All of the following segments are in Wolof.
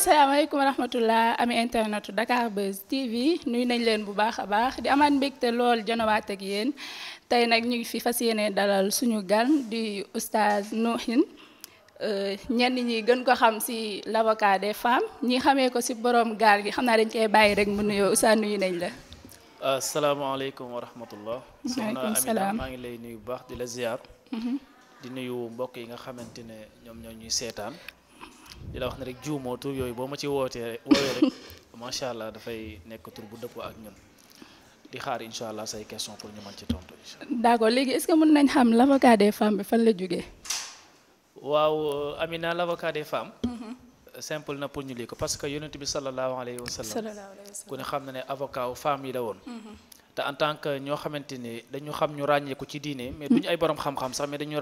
asalaamaaleykum wa rahmatullah ami internetu Dakar Buzz TV nuyu nañ leen bu baax a baax di amaat mbégte lool jonowaat ak yéen tey nag ñu ngi fi fas yéene dalal suñu gan di oustaz Nouhine euh, ñenn ñi gën ko xam si l' avocat ñi xamee ko si borom gaal gi xam naa dañ koy bàyyi rek mu nuyoo oustaz nuyu nañ la. asalaamaaleykum wa rahmatullah. maa ngi lay nuyu bu baax di la ziar. Mhm. di nuyu mbokk yi nga xamante ne ñoom ñoo ñuy seetaan. di la wax ne rek juumoo tur yooyu boo ma ci wootee woowee rek macha allah dafay nekk tur bu dëppoo ak ñun di xaar incha allah say question pour ñu mën ci tontu incha allah. d'accord léegi est-ce que mën nañ xam l'avocat des femmes bi fan la jógee. waaw Amina l'avocat des femmes. Mm-hmm. simple na pour ñu lii ko parce que yonent bi sallallahu alayhi wa sallam ku ne xam na ne avocat wu femme yi la woon. Mm-hmm. te en tant que ñoo xamante ne dañu xam ñu ràññeeku ci diine. mais duñu ay borom xam-xam sax mais dañu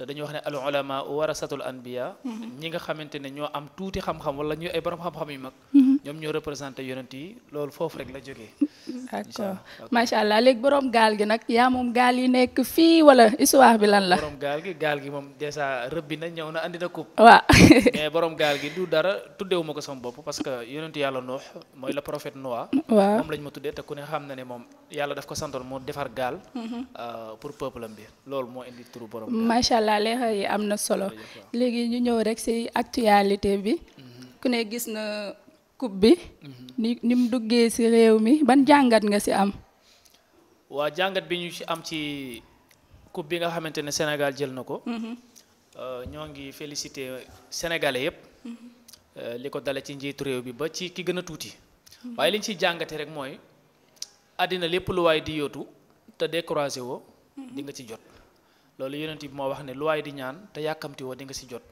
te dañuy wax ne al ulama warasatul anbiya mm-hmm. ñi nga xamante ne ñoo am tuuti xam-xam wala ñuy ay borom xam-xam yu mag mm-hmm. ñoom ñoo représenté yonent yi loolu foofu rek la jógee. d'accord macha allah léegi borom gaal gi nag yaa moom gaal yi nekk fii wala histoire bi lan la. borom gaal gi gaal gi moom dèjà rëbbi na ñëw na andi na coupe. waaw mais borom gaal gi du dara tuddeewu ma ko sama bopp parce que yonent yàlla noox mooy le prophète Noa. waaw moom lañ ma tuddee te ku ne xam na ne moom yàlla daf ko santoon moo defar gaal. Mhm. Euh, pour peuple am bi loolu moo indi turu borom gaal. allah coupe bi. Mhm. ni ni mu duggee ci réew mi ban jàngat nga ci am. waa jàngat bi ñu ci am ci coupe bi nga xamante ne Sénégal jël na ko. Mhm. Euh, ñoo ngi félicité sénégalais yépp. Mhm. Euh, li ko dale ci njiitu réew bi ba ci ki gën a tuuti. waaye li ñu ciy jàngate rek mooy àddina lépp lu waaye di yootu te découragé woo. di nga ci jot loolu yonent bi moo wax ne lu waaye di ñaan te yàkkamti woo di nga ci jot.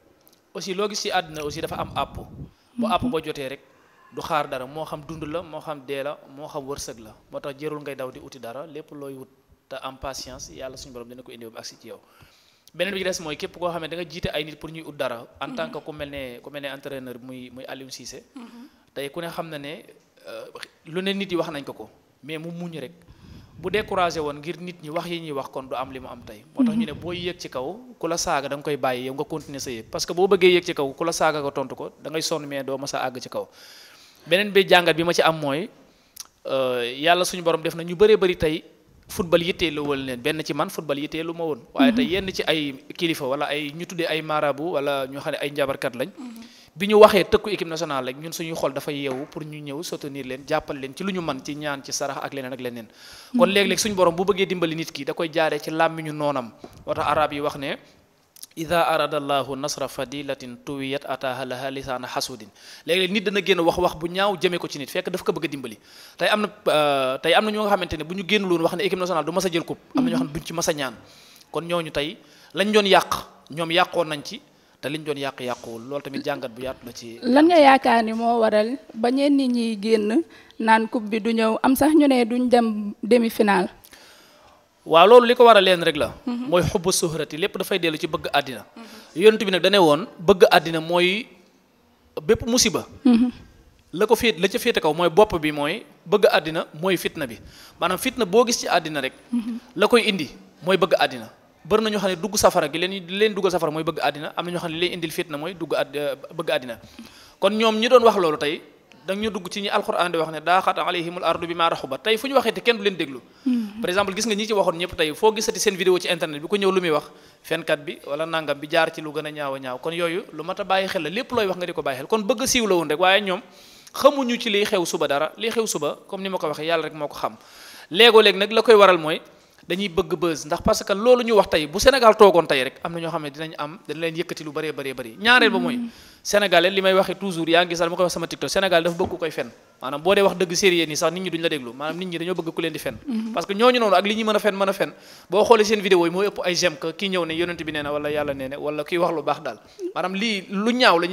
aussi loo gis ci àddina aussi dafa am àpp bu àpp ba jotee rek du xaar dara moo xam dund la moo xam dee la moo xam wërsëg la moo tax jërul ngay daw di uti dara lépp looy wut te am patience yàlla suñu borom dina ko indi ba agsi ci yow beneen bi ci des mooy képp koo xam ne da nga ay nit pour ñuy ut dara en tant que ku mel ne ku mel ne tey ku ne xam na ne euh, lu ne nit yi wax nañ ko ko mais mu muñ rek bu woon ngir nit ñi wax yi ñuy wax kon du am li mu am tey moo tax ñu ne boo yéeg ci kaw ku la saaga da nga koy bàyyi yow nga continuer sa yéeg parce que boo bëggee yéeg ci kaw ku la saaga nga tontu ko dangay ngay sonn mais doo mës a àgg ci kaw beneen bi jàngat bi ma ci am mooy euh, yàlla suñu borom def na ñu bëree bari tey football yittee lu wal leen benn ci man football yittee lu ma woon waaye tey mhm. yenn ci ay kilifa wala ay ñu tuddee ay marabu wala ñu xam ne ay njabarkat lañ mhm. bi ñu waxee tëkku équipe nationale rek ñun suñuy xol dafa yeewu pour ñu ñëw soutenir leen jàppal leen ci lu ñu man ci ñaan ci sarax ak leneen ak leneen. kon mhm. léeg-léeg suñu borom bu bëggee dimbali nit ki da koy jaaree ci làmmiñu noonam moo yi wax ne ida arada llahu nasra fadilatin tuwiyat ataaha laha lisaana xasudin léegi nit dana génn wax wax bu ñaaw jëmee ko ci nit fekk daf ko bëgg a dimbali tey am na euh, tey am na ñoo nga xamante ne bu ñu génnuloon wax ne équipe nationale du mas a jël coupe am na ñoo xam ne duñ ci tey lañ doon yàq ñoom yàqoon nañ ci te liñ doon yàq yàquwul loolu tamit jàngat bu yaatu la ci. lan nga yaakaar ni moo waral ba ñenn nit ñi génn naan coupe bi du ñëw am sax ñu ne duñ dem demi-finale waaw loolu li ko war a leen rek la mhm. mooy xubbu suhrati lépp dafay dellu ci bëgg àddina yonent bi nag dane woon bëgg àddina mooy bépp musiba mhm. la ko féet la ca féete kaw mooy bopp bi mooy bëgg àddina mooy fitna bi maanaam fitna boo gis ci àddina rek mhm. la koy indi mooy bëgg àddina bari na ñoo xam ne dugg safara gi leen leen duggal safara mooy bëgg àddina am na ñoo xam ne leen indil fitna mooy dugg àdd bëgg àddina kon ñoom ñi doon wax loolu tey danga ñu dugg ci ñi alquran di wax ne daa xat alayhimul ardu bi maa raxuba tey fu ñu waxee te kenn du leen déglu hmm. par exemple gis nga ñi ci waxoon ñëpp tey foo gisati seen vidéo ci internet bi ku ñëw lu muy wax fenkat bi wala nangam bi jaar ci lu gën a ñaaw a ñaaw kon yooyu lu mat a bàyyi xel la lépp looy wax nga di ko bàyyi xel kon bëgg a siiw la woon rek waaye ñoom xamuñu ci liy xew suba dara liy xew suba comme ni ma ko waxee yàlla rek moo ko xam léegoo léeg nag la koy waral mooy dañuy bëgg bës ndax parce que loolu ñu wax tey bu Sénégal toogoon tey rek am na ñoo xam ne dinañ am dañ leen yëkkati lu bëree bëree bëri ñaareel ba mooy mm. sénégalais li may waxee toujours yaa ngi gisal ma koy wax sama TikTok sénégal dafa bëgg koy fen maanaam boo dee wax dëgg sérieux nii sax nit ñi duñ la déglu maanaam nit ñi dañoo bëgg ku leen di fen mm-hmm. parce que ñooñu noonu ak li ñuy mën a fen mën a fen boo xoolee seen vidéo yi mooy ëpp ay j'aime que a la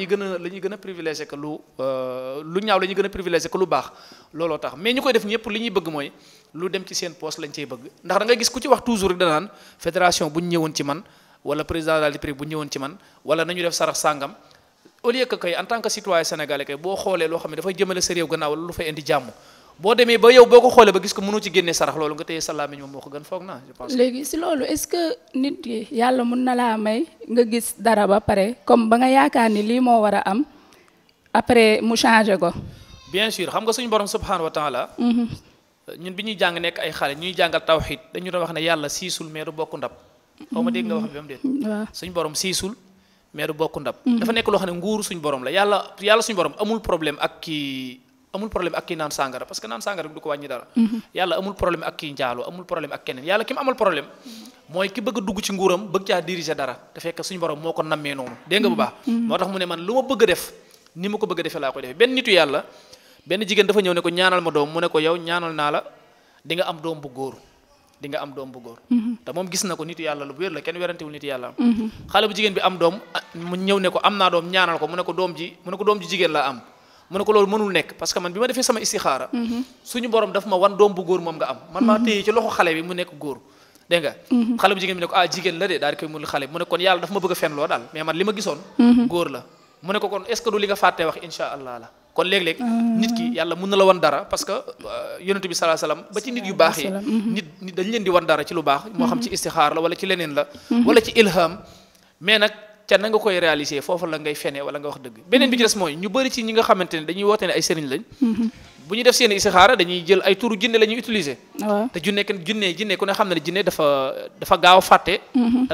ñuy gën a privilégié euh, ñaaw la ñuy gën a lu baax looloo tax mais ñu koy def ñëpp li ñuy bëgg mooy lu dem ci seen poste lañ cey bëgg ndax da nga gis ku ci wax toujours rek danaan fédération bu ñu ñëwoon ci man wala président de la République bu ñu ñëwoon ci man wala nañu def sarax sàngam au lieu que kay en tant que citoyen sénégalais kay boo xoolee loo xam ne dafay jëmale sa réew gannaaw wala lu fay indi jàmm boo demee ba yow boo ko xoolee ba gis ko mënoo ci génnee sarax loolu nga téye sa làmmiñ moom moo ko gën foog naa je pense léegi si loolu est-ce que nit yi nga gis dara ba pare comme ba nga yaakaar ni lii moo war a am après mu changé ko bien xam nga suñu borom subhanahu wa taala mm-hmm. ñun bi ñuy jàng nekk ay xale ñuy jàngal tawxiid dañu doon wax ne yàlla siisul mais du bokk ndab xaw ma dégg nga wax bi am mm, siisul mais du bokk ndab mm-hmm. dafa nekk loo xam ne nguur suñ borom la yàlla yàlla suñ borom amul problème ak kii naan sàngara parce naan sàngara du ko wàññi dara mm-hmm. yàlla amul problème ak kii njaalu amul problème ak keneen yàlla ki mu amal problème mooy ki bëgg a dugg ci nguuram bëgg caa diriger dara te fekk suñu borom moo ko nammee noonu dégg nga bu baax mm-hmm. moo tax mu ne man lu benn jigéen dafa ñëw ne ko ñaanal ma doom mu ne ko yow ñaanal naa la di am doom bu góor di am doom bu góor mm-hmm. te moom gis na ko nit yàlla lu wér la kenn werantewul nitu yàlla mm-hmm. xale bu jigéen bi am ah, ne ko doom ko mu ne ko doom ji mu ne ko doom ji jigéen laa am mu ne ko loolu mënul nekk parce que man bi ma mm-hmm. ma wan doom xale mu nekk góor nga xale bu ne ah, la de daal di koy mul xale kon yàlla daf ma bëgg a fenloo daal mais man li ma gisoon góor la mu ne ko kon est ce que du li nga fàttee wax incha allah la kon léeg-léeg nit ki yàlla mun na la wan dara parce que euh, yonent bi salaa salaam ba ci nit yu baax yi nit mhm. nit dañ leen di wan dara ci lu baax moo xam ci mhm. istixaar la wala ci leneen la mhm. wala ci ilham mais nag ca na koy réaliser foofu la ngay fene wala nga wax dëgg beneen bi ci des mooy ñu bëri ci ñi nga xamante ne dañuy woote ne ay sëriñ lañ bu ñu def seen istixaara dañuy jël ay turu jinne la ñuy utiliser te junne kenn junne jinne ku ne xam ne ne dafa dafa gaaw a fàtte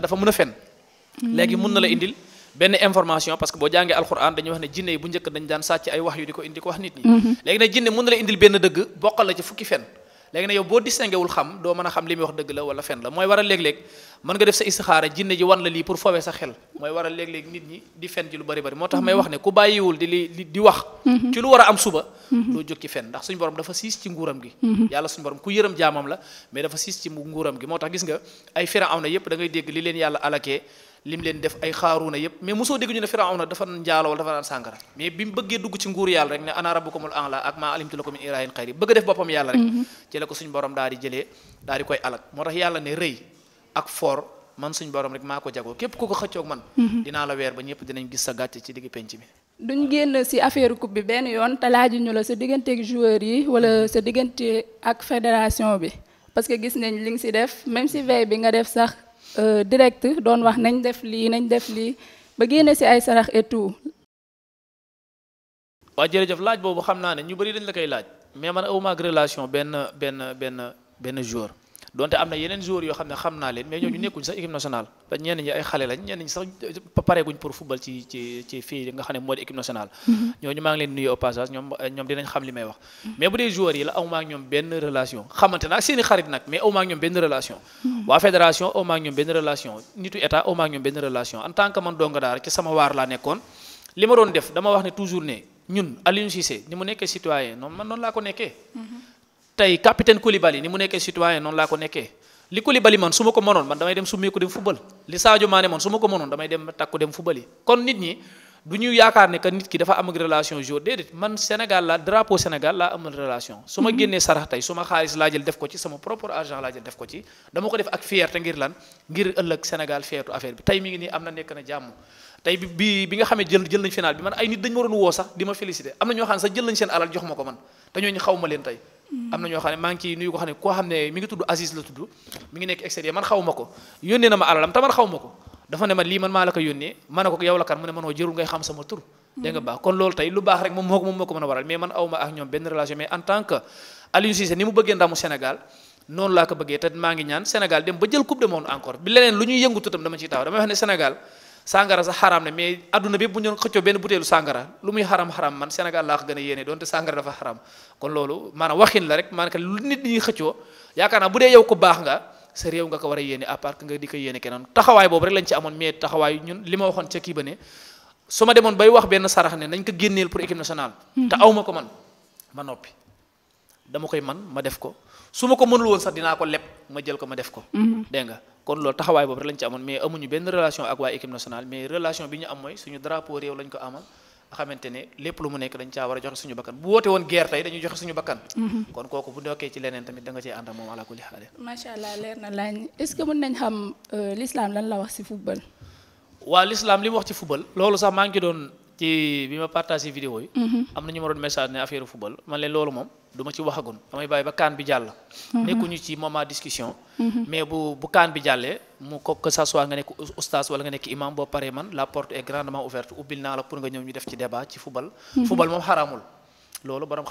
dafa mën a fen mm. léegi mun na la indil benn information parce que boo jàngee alxuraan dañuy wax ne jinne yi bu njëkk dañ daan sàcc ay wax yu di ko indi ko wax nit ñi mhm. léegi nag jinne mën na la indil benn dëgg bokkal la ci fukki fen léegi nag yow boo distingué xam doo mën a xam li muy wax dëgg la wala fen la mooy waral léeg-léeg mën nga def sa istixaara jinne ji wan la lii pour fowee sa xel mooy waral léeg-léeg nit ñi di fen ji lu bari bari moo tax may mhm. wax ne ku bàyyiwul di li di wax mhm. a am suba doo jóg ci gi gi moo tax gis na yépp da ngay dégg li leen yàlla lim leen def ay xaaruuna yépp mais mosoo dégg ñu ne firawna dafa njaalo wala dafa naan sàngara mais bi mu bëggee dugg ci nguur yàlla rek ne ana rabbukumul a'la ak maa alimtu lakum min ilaahin xayri bëgg def boppam yàlla rek mhm. ci la ko suñ borom daal di jëlee daal di koy alak moo tax yàlla ne rëy ak for man suñ borom rek maa ko jagoo képp ku ko xëccoog man mhm. dinaa la weer ba ñëpp dinañ gis sa gàcce ci digg penc mi duñ génn ci affaire coupe Euh, direct doon wax nañ def lii nañ def lii ba génne si ay sarax et tout. waa jërëjëf laaj boobu xam naa ne ñu bari dañ la koy laaj mais man awma ak relation benn benn benn benn jour. donte am na yeneen joueurs yoo xam ne xam naa leen mais ñooñu nekkuñ sax équipe nationale ba ñenn ñi ay xale lañ ñenn ñi sax pareeguñ pour football ci ci ci fii nga xam ne moo équipe nationale mm-hmm. ñooñu maa ngi leen nuyu au passage ñoom ñoom dinañ xam li may wax mm-hmm. mais bu dee joueurs yi la awma ak ñoom benn relation xamante naa seen xarit nag mais awma ñoom benn relation mm-hmm. waa fédération awma ak ñoom benn relation nitu état awma ak ñoom benn relation en tant dama wax ne toujours ne ñun Aliou Cissé ni mu tey capitaine Koulibaly ni mu nekkee citoyen noonu laa ko nekkee li Koulibaly man su ma ko mënoon man damay dem summeeku dem football li Sadio Mané man su ma ko mënoon damay dem takku dem football yi kon nit ñi du ñu yaakaar ne que nit ki dafa am ak relation jour man Sénégal la drapeau Sénégal laa amal su ma mhm. génnee sarax tey su ma xaalis laa def ko ci sama propre argent laa def ko ci dama ko def ak fierté ngir lan ngir ëllëg Sénégal feetu affaire bi tey mi ngi nii am na nekk na jàmm tey bi bi bi nga xamee jël jël nañ final bi man ay nit dañu ma woo sax ma félicité am na ñoo xam ne sax jox ma ko man te ñooñu xaw ma leen tey am na ñoo xam ne maa ngi ciy nuyu ko xam ne koo xam ne mi ngi tudd Aziz la tudd mi ngi nekk extérieur man xaw ma ko yónnee na ma alalam te man xaw ma ko dafa ne ma lii man maa la ko yónnee ma ne ko yow la kan mu ne mm. a waral mais man ak ñoom benn relation mais en tant que Aliou Cissé ni mu bëggee ndamu Sénégal noonu laa ko bëggee te maa ngi ñaan Sénégal dem ba jël coupe du monde encore bi leneen lu ñuy yëngu tutam dama ciy taxaw dama wax ne Sénégal sàngara sax xaraam ne mais adduna bi bu ñu doon xëccoo benn butéelu sàngara lu muy xaram xaram man Sénégal laa ko gën a yéene donte sàngara dafa xaram kon loolu maanaam waxin la rek maanaam lu nit ñi xëccoo yaakaar naa bu dee yow ko baax nga sa réew nga ko war a yéene à part que nga di ko yéene keneen taxawaay boobu rek lañ ci amoon mais taxawaay ñun li ma waxoon ca kii ba ne su ma demoon bay wax benn sarax ne nañ ko génneel pour équipe nationale. Mhm. te aw ma ko man ma noppi dama koy man ma def ko su ma ko mënul sax dinaa ko leb ma jël ko ma def ko mhm. kon loolu taxawaay boobu rek lañ ci amoon mais amuñu benn relation ak waa équipe nationale mais relation bi ñu am mooy suñu drapeau réew lañ ko amal xamante ne lépp lu mu nekk dañ caa war a joxe suñu bakkan bu woote woon guerre tey dañuy joxe suñu bakkan. Mm-hmm. kon kooku bu ndokkee ci leneen tamit da nga cee moom ala kulli xaale. allah leer na lañ est-ce nañ xam euh, l'islam lan la wax ci football. waa l'islam li mu wax ci football loolu sax ma partagé du ma ci waxagun damay bàyyi ba kaan bi jàll. Mhm. nekkuñu ci moment discussion. Mhm. mais bu bu kaan bi jàllee mu ko que ça soit nga nekk oustaz wala nga nekk imam boo paree man la porte est grandement ouverte ubbil naa la pour nga ñëw ñu def ci débat ci football. Mhm. football moom xaraamul.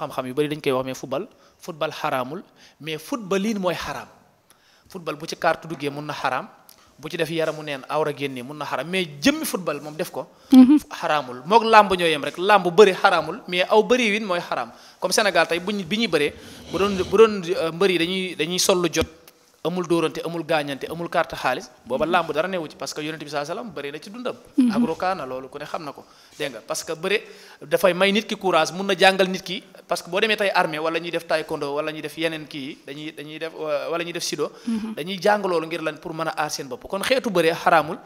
xam-xam yu bari dañ koy wax mais football football xaraamul mais football liin mooy xaraam football bu ci carte duggee mun na xaraam. bu ci def yaramu neen awra génne mun na xaram mais jëmmi football moom def ko. Mhm. xaraamul moog làmb ñoo yam rek làmb bëri xaraamul mais aw bëri win mooy xaraam comme Sénégal tey buñ bi ñuy bëree bu doon bu doon euh, mbër yi dañuy dañuy sollu jot. amul dóorante amul gaañante amul carte xaalis booba làmb dara newu ci parce que yonent bi saa salaam bëri na ci dundam mhm. agro loolu ku ne xam na ko dégg nga parce que bëri dafay may nit ki courage mun na jàngal nit ki parce que boo demee tey armée wala ñuy def taekwondo wala ñuy def yeneen kii dañuy dañuy def euh, wala ñuy def sido mhm. dañuy jàng loolu ngir lan pour mën a aar seen bopp kon xeetu bëree xaraamul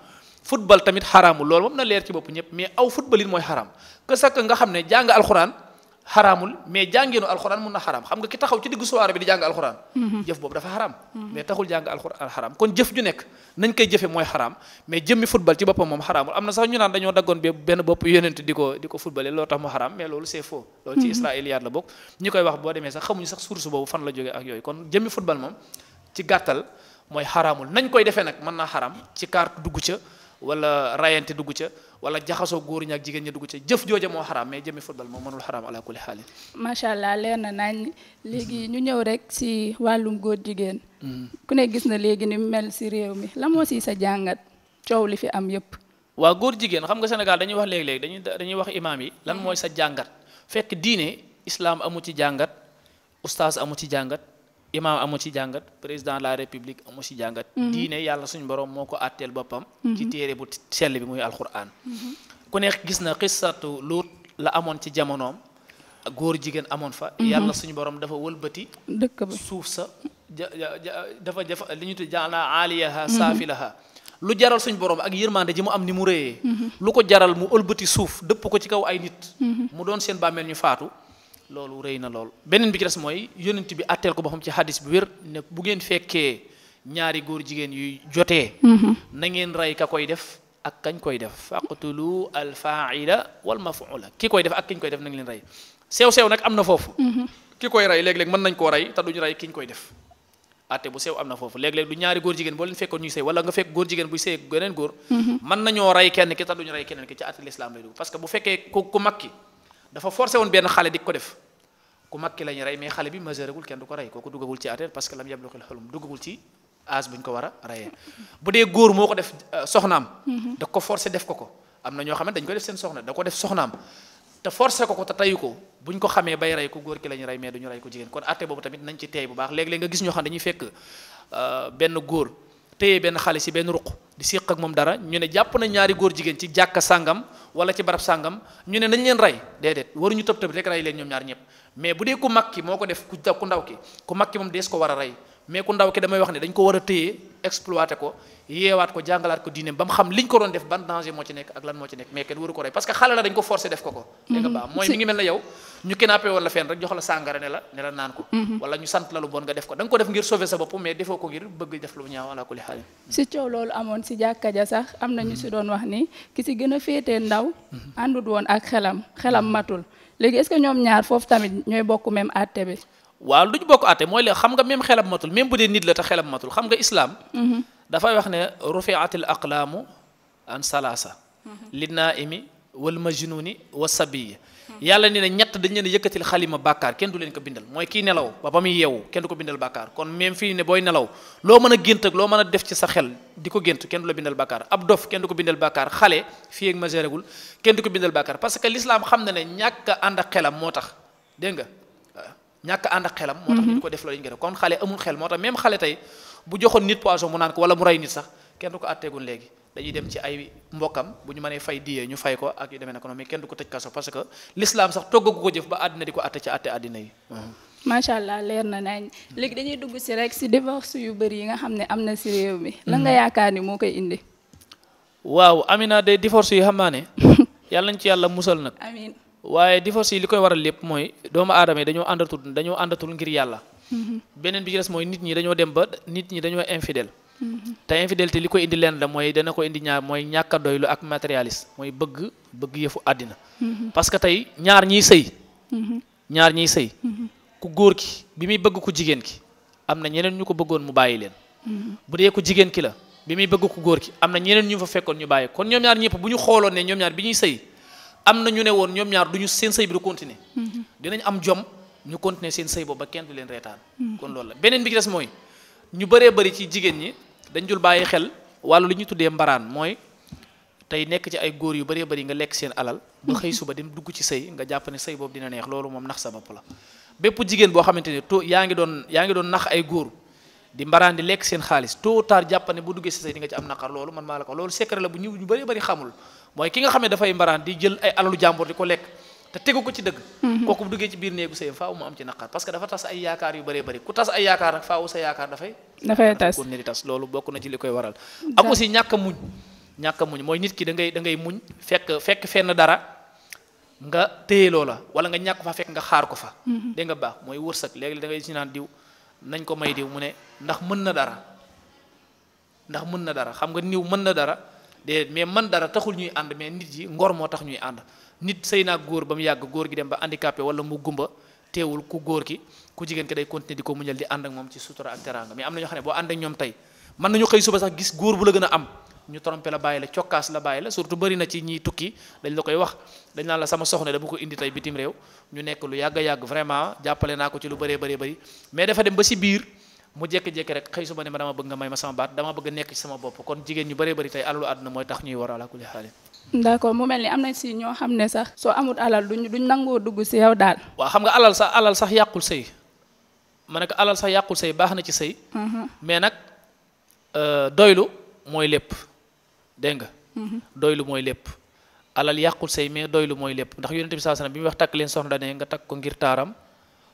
football tamit xaraamul loolu moom na leer ci bopp ñëpp mais aw football it mooy xaraam que sax nga xam ne jàng alxuraan xaraamul mais jàngeenu alxuraan mun na xaraam xam nga ki taxaw ci diggu soirée bi di jàng alxuraan. Mhm. jëf boobu dafa xaraam. mais taxul jàng alxuraan xaraam kon jëf ju nekk nañ koy jëfe mooy xaraam mais jëmmi football ci boppam moom xaraamul am na mhm. la bokk ñi koy wax boo demee sax xamuñu sax source boobu fan la jógee ak yooyu kon jëmmi football moom ci gàttal mooy xaraamul nañ koy defee nag mën naa xaraam ci carte dugg ca wala rayante dugg ca wala jaxasoo góor ñi ak jigéen ña dugg ca jëf jooja moo xaraam mais jëmi football moo mënul xaraam ala kulli xaali. macha allah leer na nañ léegi ñu ñëw rek si wàllum góor jigéen. Mm. ku ne gis na léegi ni mel si réew mi la moo si sa jàngat coow li fi am yépp waaw góor jigéen xam nga Sénégal dañuy wax léeg léegi dañuy dañuy wax imaam yi lan mm. mooy sa jàngat fekk diine islaam amu ci jàngat oustaz amu ci jàngat. imaam amu ci jàngat président de la république amu ci jàngat mhm. diine yàlla suñu borom moo ko àtteel boppam mhm. ci téere bu sell bi muy alquran mhm. ku ne gis na xissatu luut la amoon ci jamonoom góor jigéen amoon fa yàlla suñ borom dafa wëlbati dëkk ba suuf sa dafa dafa li ñu tudd jaala aaliyaha saafilaha lu jaral suñu borom ak yërmande ji mu am ni mu réyee lu ko jaral mu ëlbati suuf dëpp ko ci kaw ay nit mu doon seen bàmmeel ñu faatu loolu rey na lool beneen bi ci des mooy yonent bi àtteel ko ba xam ci hadis bu wér ne bu ngeen fekkee ñaari góor jigéen yuy jotee mhm. na ngeen rey ka koy def ak kañ koy def faqtulu al faila wal mafuula ki koy def ak kiñ koy def na ngeen leen rey sew-sew nag am na foofu mhm. ki koy rey léeg-léeg mën nañ koo rey te duñu bu sew am na foofu léeg-léeg du ñaari góor jigéen boo leen fekkoon ñuy sëy wala nga fekk góor jigéen buy sëy geneen góor mhm. mën nañoo rey kenn ki te rey keneen ki ci atte l'islam lay dugg parce que bu fekkee ku ku mag dafa forcé woon benn xale di ko def ku mag ki la ñu rey mais xale bi majeuragul kenn du ko rey kooku duggagul ci atel parce que lam yabluxil xulum duggagul ci âge bu ñu ko war a reyee bu dee góor moo ko def euh, soxnaam mhm. da ko forcé def ko ko am na ñoo xam ne dañ ko def seen soxna da ko def soxnaam te forcé ko ko te tayu ko buñ ko xamee bay rey ku góor ki la ñu rey mais duñu rey ko jigéen kon atte boobu tamit nañ ci teey bu baax léeg-léeg nga gis euh, benn góor téye benn xale si benn ruq di séq ak moom dara ñu ne jàpp na ñaari góor jigéen ci jàkka sàngam wala ci barab sàngam ñu ne nañ leen rey déedéet waruñu tëb tëb rek rey leen ñoom ñaari ñëpp mais bu dee ku mag ki moo ko def ku ndaw ki ku mag ki moom dees ko war a rey mais ku ndaw ki damay wax ne dañ ko war a téye exploité ko yeewaat ko jàngalaat ko diine ba xam liñ ko doon def ban danger moo ci nekk ak lan moo ci nekk mais kenn waru ko rey parce que xale la dañ ko forcé def ko ko dégg def ngir sauver sa bopp mais defoo ko ngir bëgg def lu ñaaw ala kulli si coow loolu amoon si jàkka ja sax am na ñu si mhm. doon wax ni ki si gën a féetee ndaw mhm. àndut woon ak xelam xelam mhm. matul léegi est ce que ñoom ñaar foofu tamit ñooy bokk même àtte bi waaw duñ bokk àtte mooy léegi xam nga même xelam matul même bu dee nit la te xelam matul xam nga islaam mhm. dafay wax ne rufiatil aqlaamu an salaasa mhm. linnaimi wal majnuni wa sabiyi yàlla ne na ñett dañ leen yëkkatil xalima bàkkaar kenn du leen ko bindal mooy kii nelaw ba ba muy yeewu kenn du ko bindal bàkkaar kon même fii ne booy nelaw loo mën a gént ak loo mën a def ci sa xel di ko gént kenn du la bindal bàkkaar ab dof kenn du ko bindal bàkkaar xale fii ak majeur agul kenn du bindal bàkkaar parce que l'islam xam na ne ñàkk a xelam moo tax dégg nga ñàkk ànd ak xelam moo tax ñu mhm. xale amul bu joxoon nit poison mu naan ko wala mu rey nit sax kenn du ko àtteegun léegi dañuy dem ci ay ba yi mhm. macha allah leer na nañ mhm. léegi dañuy dugg si rek si divorce yu bëri yi nga xam ne am na si réew mi lan nga yaakaar ni moo koy indi waaw amina de divorce yi xam naa ne yàlla nañ ci yàlla musal nag amiin waaye divorce yi li koy waral lépp mooy doomu aadama yi dañoo àndatul dañoo àndatul ngir yàlla mm-hmm. beneen bi ci des mooy nit ñi dañoo dem ba nit ñi dañoo infidel mm-hmm. te infidel te li ko indi lenn la mooy dana ko indi ñaar mooy ñàkk a doylu ak matérialiste mooy bëgg bëgg yëfu àddina mm-hmm. parce que tey ñaar ñiy sëy ñaar ñiy sëy ku góor ki bi muy bëgg ku jigéen ki am na ñeneen ñu ko bëggoon mu bàyyi leen bu dee ku jigéen ki la bi muy bëgg ku góor ki am na ñeneen ñu fa fekkoon ñu bàyyi kon ñoom ñaar ñëpp bu ñu xooloon ne ñoom bi ñuy sëy am na ñu ne woon ñoom ñaar du ñu seen sëy bi du continuer mm-hmm. dinañ am jom ñu continuer seen sëy boobu ba kenn du leen reetaan mm-hmm. kon loolu la beneen bi ci des mooy ñu bëree bëri ci jigéen ñi dañ jul bàyyi xel wàllu lu ñu tuddee mbaraan mooy tey nekk ci ay góor yu bëree bari nga lekk seen alal ba xëy suba dem dugg ci sëy nga jàpp ne sëy boobu dina neex loolu moom nax sa bopp la bépp jigéen boo xamante ne tôt yaa ngi doon yaa ngi doon nax ay góor di mbaraan di lekk seen xaalis tôt ou tard jàpp ne bu duggee si sëy maa loolu secret la bu ñu bëree bëri xamul mooy ki nga xam ne dafay mbaraan di jël ay alalu jàmbur di ko lekk te tegu ko ci dëgg mhm. kooku bu duggee ci biir néegu sëy faaw mu am ci naqar parce que dafa tas ay yaakaar yu bëree bëri ku tas ay yaakaar nag faaw sa yaakaar dafay dafay tas ne di tas loolu bokk na ci li mooy nit ki da ngay da ngay muñ fekk fekk fenn dara nga téye loola wala nga ñàkk fa fekk nga xaar ko fa mhm. dégg nga baax mooy wërsëg léegi da ngay si naan diw nañ ko may diw mu ne ndax mën na dara ndax mën na dara xam nga niw mën na dara déedéet mais man dara taxul ñuy ànd mais nit yi ngor moo tax ñuy ànd nit sëy naa góor ba mu yàgg góor gi dem ba handicapé wala mu gumba teewul ku góor ki ku jigéen ki day continuer di ko muñal di ànd ak moom ci sutura ak teraanga mais am na ñoo xam ne boo ànd ak ñoom tey mën nañu xëy suba sax gis góor bu la gën a am ñu trompé la bàyyi la cokkaas la bàyyi la surtout bëri ci ñiy tukki dañ la koy wax dañ naan la sama soxna dama ko indi tey bitim réew ñu nekk lu yàgg yàgg vraiment jàppale naa ko ci lu bëree bëri bëri mais dafa dem ba si biir mu jékki-jékki rek xëy suba ne ma dama bëgg nga may ma sama baat dama bëgg a nekk ci sama bopp kon jigéen ñu bëree bëri tey alalu àdduna mooy tax ñuy war ala kulli xaalin d'accord mu mel ni am na si ñoo xam ne sax soo amul alal duñ duñ nangoo dugg si yow daal waaw xam nga alal sax alal sax yàqul sëy ma ne ko alal sax yàqul sëy baax na ci sëy mm-hmm. mais nag euh, doylu mooy lépp dégg nga mm-hmm. doylu mooy lépp alal yàqul sëy mais doylu mooy lépp ndax yonente bi saa sana bi muy wax takk leen soxna dane nga takk ko ngir taaram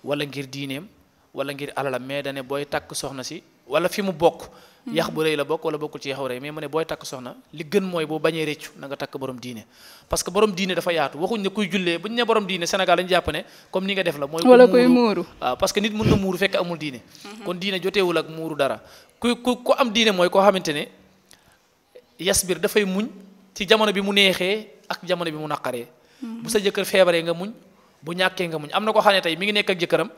wala ngir diineem wala ngir alalam mais dane booy takk soxna si wala fi mu bokk hmm. yax bu rëy la bokk wala bokkul ci yaxu rëy mais mu ne booy takk soxna li gën mooy boo bañee réccu na nga takk borom diine parce que borom diine dafa yaatu waxuñ ne kuy jullee buñ ne borom diine ne comme ni nga def la mooy wala muuru que nit mën na muuru fekk amul diine hmm. kon diine joteewul ak muuru dara ku ku ku am diine mooy koo xamante ne yasbir dafay muñ ci jamono bi mu neexee ak jamono bi mu naqaree hmm. bu sa jëkkër feebaree nga muñ bu ñàkkee nga muñ am na koo xam ne tey mi ngi nekk ak jëkkëram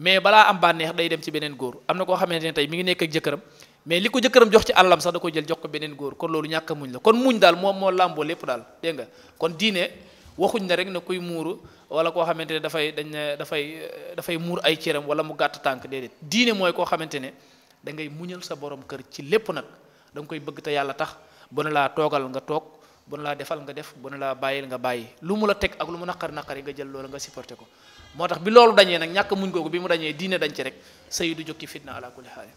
mais balaa am bànneex day dem ci beneen góor am na koo xamante ne tey mi ngi nekk ak jëkkëram mais li ko jëkkëram jox ci àllam sax da ko jël jox ko beneen góor kon loolu ñàkk muñ la kon muñu daal moo làmboo lépp daal nga kon diine waxuñ ne rek na kuy muuru wala koo xamante ne dafay dañ ne dafay dafay muur ay cëram wala mu gàtt tànk déedéet diine mooy koo xamante ne da ngay muñal sa borom kër ci lépp nag da nga koy bëgg te yàlla tax bu nu laa toogal nga toog bu ne laa defal nga def bu ne laa bàyyil nga bàyyi lu mu la teg ak lu mu naqar naqari nga jël loolu nga supporté ko moo tax bi loolu dañee nag ñàkk muñ googu bi mu dañee diine dañ ci rek sëy du jóg ci fitna ala kulli xaal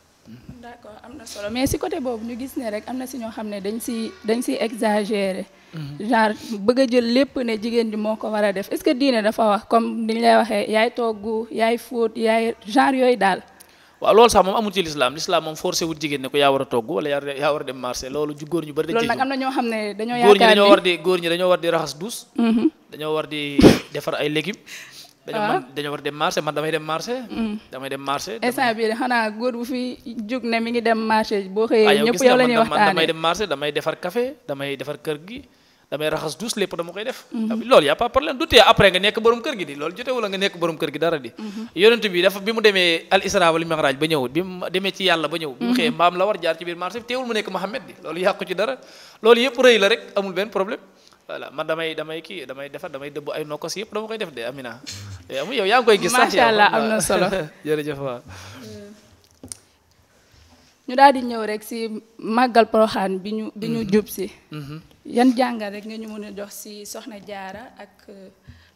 d'accord am na mais si côté boobu ñu gis ne rek am na si ñoo xam ne dañ si dañ si exagéré mhm. genre bëgg a jël lépp ne jigéen ji moo ko war a def est-ce que diine dafa wax comme ni ñu lay waxee yaay togg yaay fóot yaay genre yooyu daal waaw loolu sax moom amul ci lislaam lislaam moom forcé wut jigéen ne ko yaa war a togg wala yaa war a dem marché loolu ju góor ñu bari am na ñoo xam ne dañoo yaakaar góor ñi dañoo war di war di raxas dus mhm. dañoo war di defar ay légumes dañoo ah. man dañoo war dem marché man damay dem marché. Mm. damay dem marché. damay ah, dem marché damay defar café damay defar kër gi. damay raxas mm-hmm. ah, dus a après nga nekk borom kër gi di loolu jotewul nga nekk borom kër gi dara di. Mm-hmm. yonent bi dafa bi mu demee al isra wal ba ñëw bi mu demee ci yàlla ba ñëw. bi mu xëyee mm-hmm. mbaam la war jaar ci biir marché teewul mu nekk Muhammad di loolu yàqu ci dara loolu yëpp rëy la rek amul benn problème voilà man damay damay kii damay mu yow yaa ngi koy gis sax macha allah am na solo jërëjëf waaw. ñu daal di ñëw rek si màggal poroxaan bi ñu bi ñu mm-hmm. si. Mm-hmm. yan jàngal rek nga ñu mën a jox si soxna jaara ak euh,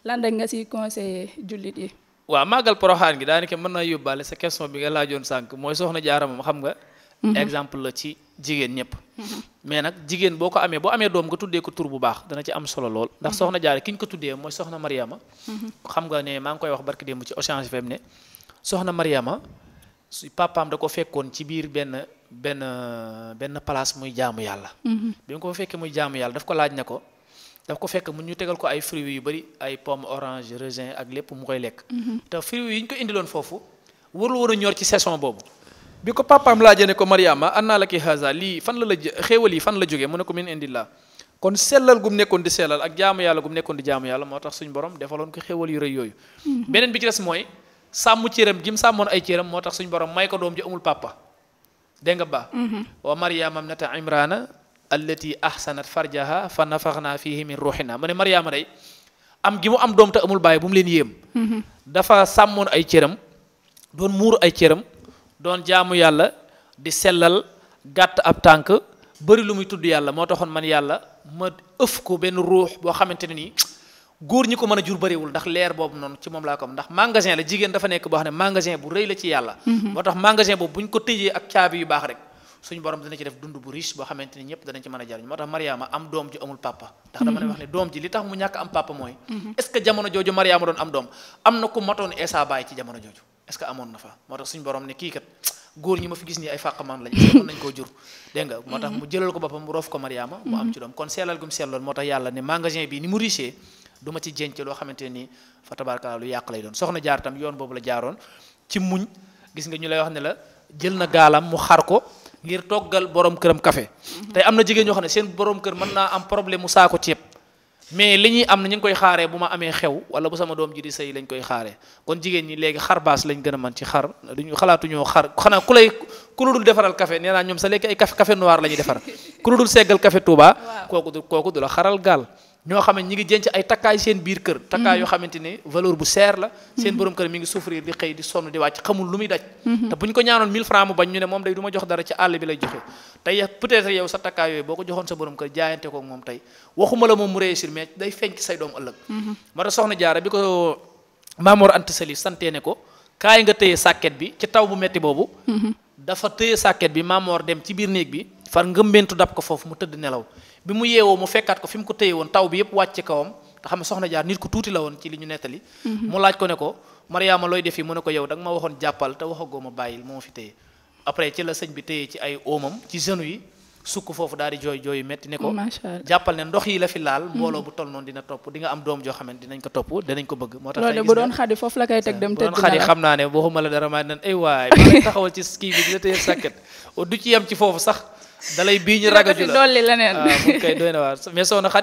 lan rek nga si conseiller jullit yi. waaw màggal poroxaan gi daanaka mën naa yóbbaale sa question bi nga laajoon sànq mooy soxna jaara moom xam nga. Mm-hmm. exemple la ci. jigéen ñëpp mm-hmm. mais nag jigéen boo ko amee boo amee doom nga tuddee ko tour bu baax dana ci am solo lool ndax mm-hmm. soxna jaare ki ñu ko tuddee mooy soxna mariama mm-hmm. xam nga ne maa ngi koy wax barki démb ci Orange FM ne soxna su papaam da ko fekkoon ci biir benn benn benn place muy jaamu yàlla bi nga ko fekkee muy jaamu yàlla daf ko laaj na ko daf ko fekk mu ñu tegal ko ay fruits yu bari ay pomme orange raisin ak lépp mu koy lekk te fruits yi ñu ko indiloon foofu warul war a ñor ci saison boobu bi ko papaam laajee ne ko Mariama annaa laki haza lii fan la la xéewal yi fan la jógee mu ne ko min indillah kon sellal gum nekkoon di sellal ak jaamu yàlla gum nekkoon di jaamu yàlla moo tax suñu borom defaloon ko xéewal yu rëy yooyu. Mm-hmm. beneen bi ci des mooy sàmm cëram gi mu sàmmoon ay cëram may ko doom ji amul papa dégg nga ba. Mm-hmm. wa Mariama ibnata Imrana allati ahsanat farjaha fa nafaxna fihi min ruuxina mu ne Mariama day am gi mu am doom te amul baay bu mu leen yéem. Mm-hmm. dafa sàmmoon ay cëram doon muur ay cëram. doon jaamu yàlla di sellal gàtt ab tànk bëri lu muy tudd yàlla moo taxoon man yàlla ma ëf ko benn ruux boo xamante nii góor ñi ko mën a jur bëriwul ndax leer boobu noonu ci moom laa ko am ndax magasin la jigéen dafa nekk boo ne magasin bu rëy la ci yàlla mm-hmm. moo tax bu ñu ko tëjee ak caabi yu baax rek suñu borom dana ci def dund bu riche boo xamante ni ñëpp danañ ci mën a jariñ moo tax Mariama am doom ji amul papa ndax dama ne mm-hmm. wax ne doom ji li tax mu ñàkk am papa mooy mm-hmm. est-ce que jamono jooju Mariama doon am doom am na ku matoon Eesa baay ci jamono jooju est-ce que amoon na fa moo tax suñ borom ne kii kat góor ñi ma fi gis nii ay fàqamaan lañ mën nañ koo jur dégg nga moo tax mu mhm. jëlal ko boppam mu roof ko Mariama mu am mhm. ci doom kon seelal gum seetloon moo tax yàlla ne magasin bi ni mu riche du ma ci jenc loo xamante ni fa tabarkala lu yàq lay doon soxna jaar tam yoon boobu la jaaroon ci muñ gis nga ñu lay wax ne la jël na gaalam mu xar ko ngir toggal borom këram kafe mhm. tey am na jigéen ñoo xam ne seen borom kër mën naa am problème mu saako ceeb mais li ñuy am na ñu ngi koy xaaree bu ma amee xew wala bu sama doom ji di sëy lañ koy xaaree kon jigéen ñi léegi xar baas lañ gën a mën ci xar duñu xalaatuñoo xar xanaa ku lay ku lu dul defaral kafe nee naa ñoom sa léegi ay café café noir lañuy defar ku lu dul seggal café Touba kooku du kooku du la xaral gaal ñoo xam ne ñi ngi jënc ay takkaay seen biir kër mm-hmm. takkaay yoo xamante ne valeur bu seer la seen borom kër mi ngi souffrir di xëy di sonn di wàcc xamul lu muy daj mm-hmm. te bu ñu ko ñaanoon 1000 francs mu bañ ñu ne moom day du ma jox dara ci àll bi lay joxe tey peut-être yow sa takkaay yooyu boo ko joxoon sa borom kër jaayante ko moom tey waxuma la moom mu réussir mais day feeñ ci say doom ëllëg ma mm-hmm. tax soxna jaara bi ko Maamoor Anta Sali santee ne ko kaay nga téye bi ci taw bu metti boobu dafa téye sàkket bi Maamoor dem ci biir néeg bi far ngëmbentu dab ko foofu mu tëdd nelaw bi mu yeewoo mu fekkaat ko fi mu ko téye woon taw bi yëpp wàcc ci kawam te xam ne soxna jaar nit ku tuuti la woon mhm. ko ne ko Mariama looy def yi mu ne ko yow da nga ma waxoon jàppal la sëñ bi téye ci ay di jooy jooy métti ne ko jàppal ne ndox yi la fi laal mhm. bu dina topp nga am doom joo xamante dinañ ko topp dinañ ko bëgg moo tax loolu bu doon ne waxuma la dara maa taxawal ci ski bi dina téye sàkket du ci yem ci foofu sax dalay bii ñu ragaju la dolli leneen waaw ah, kay doy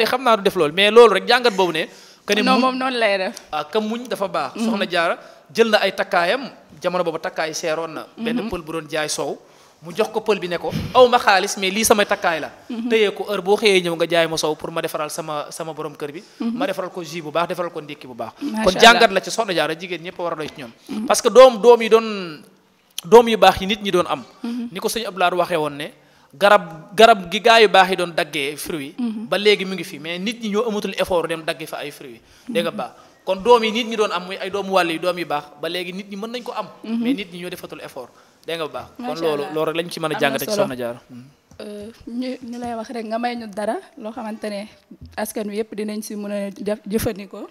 xam naa du def loolu mais loolu rek jàngat boobu ne que moom noonu lay def ah ka muñ dafa baax mm-hmm. soxna jaara jël na ay takkaayam jamono boobu takkaay seeroon na mm-hmm. benn pël bu doon jaay soow mu jox ko pël bi ne ko ma xaalis mais lii samay takkaay la mm-hmm. téyee ko heure boo xëyee ñëw nga jaay ma sow pour ma defaral sama sama borom kër bi ma defaral ko jus bu baax defaral ko ndékki bu baax kon jàngat la ci soxna jaara jigéen ñëpp war a doy ci ñoom parce que doom doom yi doon doom yu baax yi nit ñi doon am ni ko sëñ Abdoulaye waxee woon ne garab garab gi gaa yu baax yi doon daggee fruits yi mhm. ba léegi mu ngi fi mais nit ñi ñoo amatul effort dem dagg fa ay fruits yi dégg nga mhm. baax kon doom yi nit ñi doon am muy ay doom wàll yi doom yu baax ba léegi nit ñi mën nañ ko am mhm. mais nit ñi ñoo defatul effort dégg nga baax kon loolu loolu rek lañ ci mën a jàngate ci soxna Jaara euh, ñu lay wax rek nga may ñu dara loo xamante ne askan wi yëpp dinañ si mën a jëfandikoo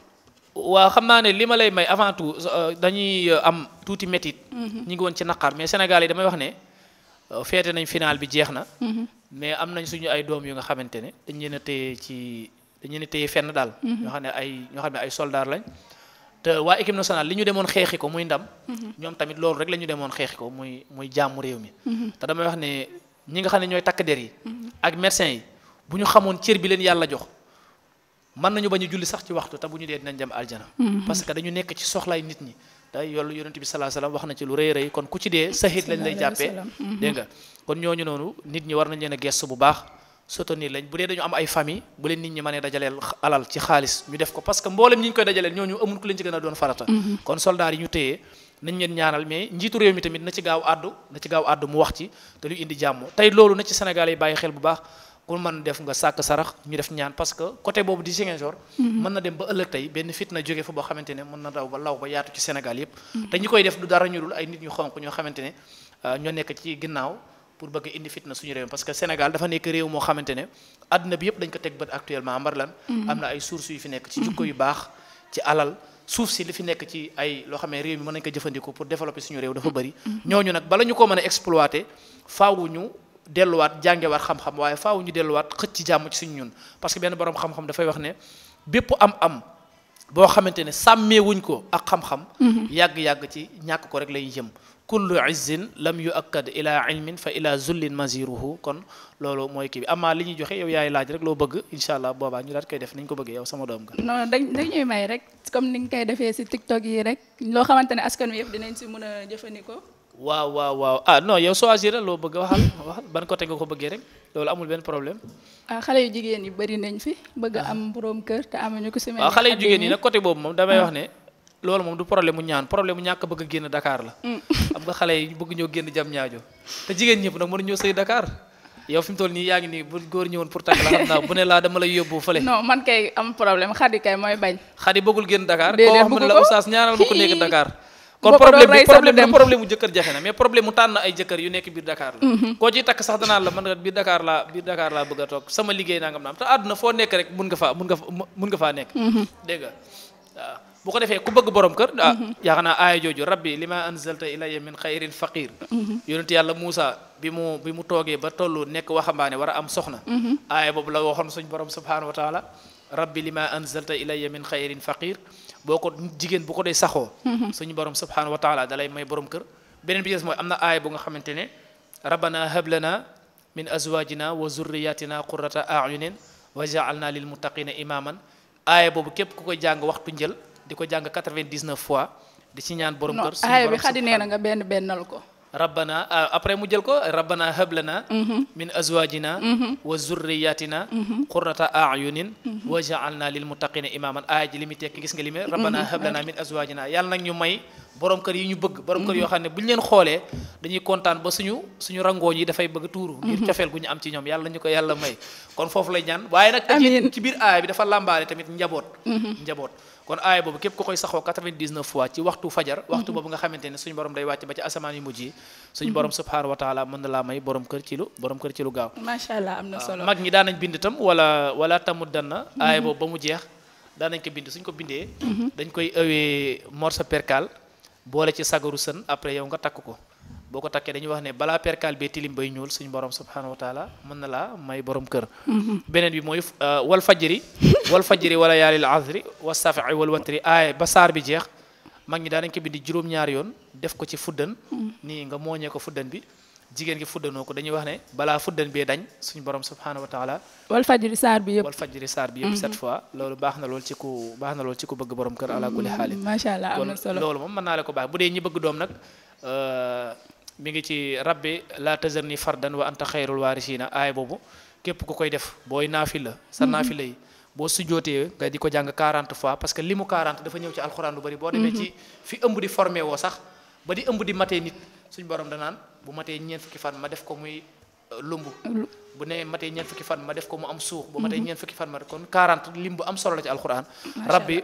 waaw xam naa ne li ma lay may avant euh, dañuy euh, am tuuti métit ñi ngi woon ci naqar mais Sénégal yi damay wax ne Euh, feete nañ final bi jeex na. Mhm. mais am nañ suñu ay doom yu nga xamante ne dañ leen a téye ci dañ leen a fenn daal. Mhm. ñoo xam ne ay ñoo xam ne ay soldaar lañ. te waa équipe nationale li ñu demoon xeexi ko muy ndam. Mhm. ñoom tamit loolu rek lañu ñu demoon xeexi ko muy muy jàmm réew mi. te damay wax ne ñi nga xam ne ñooy takk der yi. ak médecin yi bu ñu xamoon cër bi leen yàlla jox. mën nañu bañ a julli sax ci waxtu te bu ñu dee dinañ dem aljana. parce que dañu nekk ci soxlaay nit ñi. day yollu yonent bi salaa salaam wax na ci lu rëy rëy kon ku ci dee sahid lañ lay jàppee mm-hmm. dégg kon ñooñu noonu nit ñi war nañ leen a gestu bu baax soutenir lañ bu dee dañu am ay famille bu leen nit ñi mënee dajaleel alal ci xaalis ñu def ko parce que mboolem ñi ñu koy dajaleel ñooñu amul ku leen ci gën a doon farata mm-hmm. kon soldaar yi ñu téye nañ leen ñaanal mais njiitu réew mi tamit na ci gaaw àddu na ci gaaw àddu mu wax ci te lu indi jàmm tey loolu na ci Sénégal bàyyi xel bu baax ku mën def nga sàkk sarax ñu def ñaan parce que côté boobu di Ziguinchor mhm. mën na dem ba ëllëg tey benn fitna jóge fa boo xamante ne mën na daw ba law ba yaatu ci Sénégal yëpp mhm. te ñi koy def du dara ñu dul ay nit ñu xonq ñoo xamante ne euh, ñoo nekk ci ginnaaw pour bëgg indi fitna suñu réew parce que Sénégal dafa nekk réew moo xamante ne àdduna bi yëpp dañ ko teg bët actuellement mbar lan mhm. am na ay sources yu fi nekk ci jukko yu baax ci alal suuf si li fi nekk ci ay loo xam ne réew mi mën nañ ko jëfandikoo pour développer suñu réew dafa bëri ñooñu nag bala ñu ko mën a exploiter faawu ñu delluwaat jàngewaat xam-xam waaye faaw ñu delluwaat xëcc ci jàmm ci suñu ñun parce que benn borom xam-xam dafay wax ne bépp am-am boo xamante ne sàmmee wuñ ko ak xam-xam. Mhm. yàgg-yàgg ci ñàkk ko rek lay jëm. kullu izzin lam yu akkad ila ilmin kon loolu mooy kii bi li ñuy joxe yow yaay laaj rek loo bëgg incha allah boobaa ñu daal koy def ni ko bëggee yow sama doom nga. non dañ dañuy may rek comme ni nga koy defee si tiktok yi rek loo xamante ne askan wi yëpp dinañ si mën a jëfandikoo. waaw waaw waaw ah non yow choisir loo bëgg waxal waxal ban côté nga ko bëggee rek loolu amul benn problème. ah xale yu jigéen yi bëri nañ fi. bëgg ah. am borom kër te amuñu ko si. waaw ah, xale yu jigéen yi nag côté boobu moom damay wax ah. ne. loolu moom du problème mu ñaan problème mu ñàkk a génn Dakar la. Mm. xam nga xale yi bëgg ñoo génn jam ñaajo te jigéen ñëpp nag mënuñoo sëy Dakar. yow fi toll nii yaa ngi nii bu góor ñëwoon pour tàgg la xam naa bu ne laa dama lay yóbbu fële. non man kay am problème xadi kay mooy bañ. xadi bëggul génn Dakar. koo xam ne la oustaz ñaanal ma ko nekk Dakar kon problème bi problème bi problème mu jëkkër jafe na mais problème mu tànn ay jëkkër yu nekk biir Dakar la mhm. koo ciy takk sax danaa la man biir biir Dakar laa bëgg a toog sama liggéey nangam naam te àdduna foo nekk rek mun nga faa mun nga faa nekk mhm. dégg nga ko defee ku bëgg borom kër ah mhm. yaakaar jooju rabbi li ma anzalta ilayya min xayrin faqir yonent yàlla Moussa bi mu bi mu toogee ba toll nekk waxambaane war a am soxna aaya boobu la waxoon suñ borom rabbi lima anzalta ilayya min xayrin faqir boo ko jigéen bu ko dee saxoo suñu borom subhanahu wa taala dalay may borom kër beneen bi ci des mooy am na aaya bu nga xamante ne rabbana hablana min azwajina wa zurriyatina qurrata ayunin wa jaalna lil muttaqina imaman aaya boobu képp ku koy jàng waxtu njël di ko jàng 99 fois di ci ñaan borom kër aaya bi xadi nee na nga benn bennal ko rabbana euh, après mu jël ko rabbana hablana mhm. min azwajina mhm. wa zurriyatina mhm. qurrata ayunin waj'alna lil muttaqina imaman aaya ji li muy tekki gis nga li muy rabbana hablana min azwajina yàlla nag ñu may borom kër yi ñu bëgg borom kër yoo xam ne bu ñu leen xoolee dañuy kontaan ba suñu suñu rangooñ yi dafay bëgg tuuru ngir cofeel gu ñu am ci ñoom yàlla ñu ko yàlla may kon foofu lay ñaan waaye nag ci biir aaya bi dafa làmbaale tamit njaboot njaboot kon aaya boobu képp ko koy saxoo 99 fois ci waxtu fajar waxtu mhm. boobu nga xamante ne suñu borom day wàcc ba ci asamaan yu mujj yi suñu borom mhm. subhaanahu wa taala mën na laa may borom kër ci lu borom kër ci lu gaaw am na ah, solo mag ñi daanañ bind tam wala wala tamuddanna mhm. aaya boobu ba mu jeex daanañ ko bind suñ ko bindee dañ koy ëwee morceau percal boole ci sagaru sën après yow nga takk ko boo ko takkee dañuy wax ne balaa perkaal bee tilim bay ñuul suñu borom subhanahu wa mën na laa may borom kër mhm. beneen bi mooy euh, wal fajri wal fajri wala yaalil asri wa safi wal watri aaya ba saar bi jeex mag ñi daanañ ko bindi juróom yoon def ko ci fuddan mhm. nii nga mooñee ko fuddan bi jigéen gi fuddanoo ko dañuy wax ne balaa fuddan bee dañ suñu borom subhanahu wa taala wal fajri saar bi yëpp wal fajri saar bi yëpp cette mhm. fois loolu baax na lool ci ku baax na lool ci ku bëgg borom kër ala kulli xaalis macha allah am solo loolu moom mën naa la ko baax bu dee ñi bëgg doom nag euh, mi ngi ci rabbi la tazarni fardan wa anta xayrul waarisina aaya boobu képp ku koy def booy la sa mhm. naafila yi boo sujootee nga di ko jàng 40 fois parce que li mu 40 dafa ñëw ci alxuraan lu bari boo demee mhm. ci fi ëmb di formé woo sax ba di ëmb di matee nit suñ borom danaan bu matee ñeent fukki fan ma def ko muy lumb bu ne matee ñeent fukki fan ma def ko mu am suux bu matee mhm. ñeent fukki fan ma kon 40 lim bu am solo la ci alquran rabbi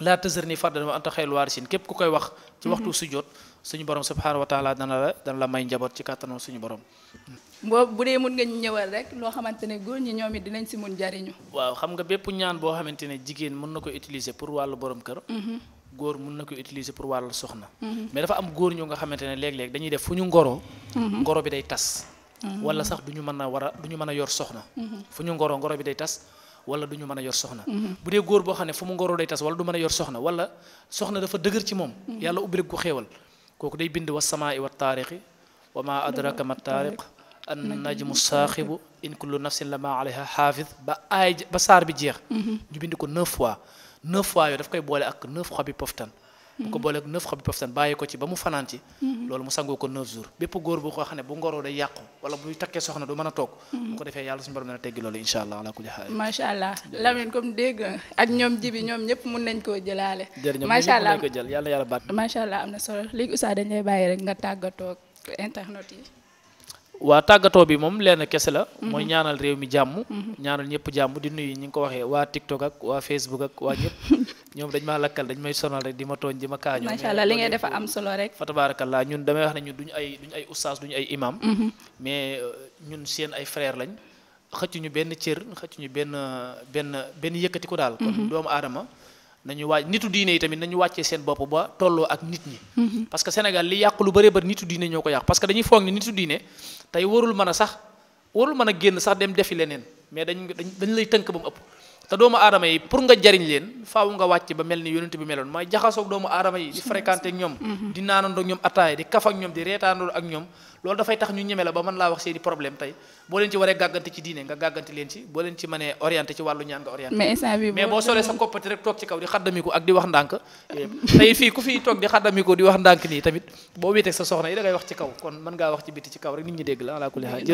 laa tazarni fardan wa anta xayrul waarisiin képp ku koy wax ci mhm. waxtu sujjóot suñu borom subhaanahu wa taala dana la dana la may njaboot ci kàttanu suñu borom boo bu dee mun nga ñu ñëwal rek loo xamante ne góor ñi ñoom it dinañ si mun jariñu waaw xam nga bépp ñaan boo xamante ne jigéen mën na ko utiliser pour wàllu borom kër mhm. góor mën na ko utiliser pour wàllu soxna mais dafa am góor ñu nga xamante ne léeg-léeg dañuy wala sax du ñu mën a war a du ñu mën a yor soxna fu ñu ngoro ngoro bi day tas wala du ñu mën a yor soxna bu dee góor boo xam ne fu mu ngoro day tas wala du mën a yor soxna wala soxna dafa dëgër ci moom yàlla ubbi rek ko xéewal kooku day bind wa samaai wa taariqi wa ma adraka ma taariq an najmu saaxibu in kullu nafsin la ma alayha xaafid ba aay ba saar bi jeex mm-hmm. ñu bind ko neuf fois neuf fois yooyu daf koy boole ak neuf xobi poftan bu ko booleeg neuf xob bi poftan bàyyi ko ci ba mu fanaan ci mm-hmm. loolu mu sangoo ko neuf jours bépp góor bu ko xam ne bu ngoroo day yàqu wala buy takkee soxna du mën a toog mm-hmm. bu ko defee yàlla suñu borom dana teggi loolu incha allah ala kulli haal macha allah Lamine comme dégg ak ñoom ñoom ñëpp mun nañ koo jëlaale macha allah ko jël yàlla yàlla baat macha allah am na solo léegi Oustaz dañ lay bàyyi rek nga tàggatoo internet yi waa tàggatoo bi moom lenn kese la. Mhm. mooy ñaanal réew mi jàmm. Mhm. ñaanal ñëpp jàmm di nuyu ñi nga ko waxee waa TikTok ak waa Facebook ak waa ñëpp ñoom dañ maa lakkal dañ may sonal rek di ma tooñ di ma kaañu. macha allah li ngay def am solo rek. fa tabaarakallaa ñun damay wax ne ñun duñu ay duñu ay oustaz duñu ay imam. Mhm. mais euh, ñun seen ay frère lañ. xëcc ñu benn cër xëcc ñu benn benn benn yëkkati ko daal. kon doomu aadama. nañu waaj nitu diine yi tamit nañu wàccee seen bopp ba tolloo ak nit ñi. Mm-hmm. parce Sénégal li yàq lu bëree bëri nitu diine ñoo ko yàq parce dañuy foog ni nitu diine tey warul mën a sax warul mën a génn sax dem defi leneen mais dañ dañ lay tënk ba ëpp. te doomu aadama yi pour nga jariñ leen faaw nga wàcc ba mel ni yonent bi meloon mooy jaxasoog doomu aadama yi di fréquenté ñoom mhm. di naanandoo ñoom ataaya di kaf ak ñoom di reetaandoo ak ñoom loolu dafay tax ñu ñeme la boo solee sa koppati rek toog ci kaw di xaddamiku ak di wax ndànk tey fii ku fi toog di xaddamiku di wax ndànk nii tamit boo wéeteeg sa soxna yi da wax ci kaw kon mën ngaa wax ci biti ci kaw rek nit ñi dégg la alaa kulli haal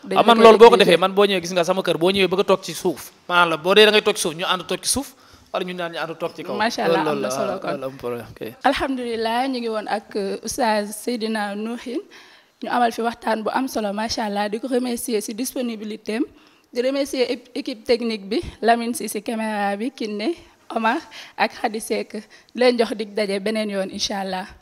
toog ah, man loolu boo ko defee man boo ñëwee gis nga sama kër boo ñëwee bëgg a toog ci suuf maanaam la boo dee da ngay toog ci suuf ñu ànd toog ci suuf wala ñu naan ñu ànd toog ci kaw macha allah am na solo kon alhamdulilah ñu ngi woon ak euh, oustaz Seydina Nouhin ñu amal fi waxtaan bu am solo macha allah di ko remercier si disponibilité am di remercier équipe technique bi Lamine si si caméra bi Kiné Omar ak Khady Seck leen jox dig daje beneen yoon incha allah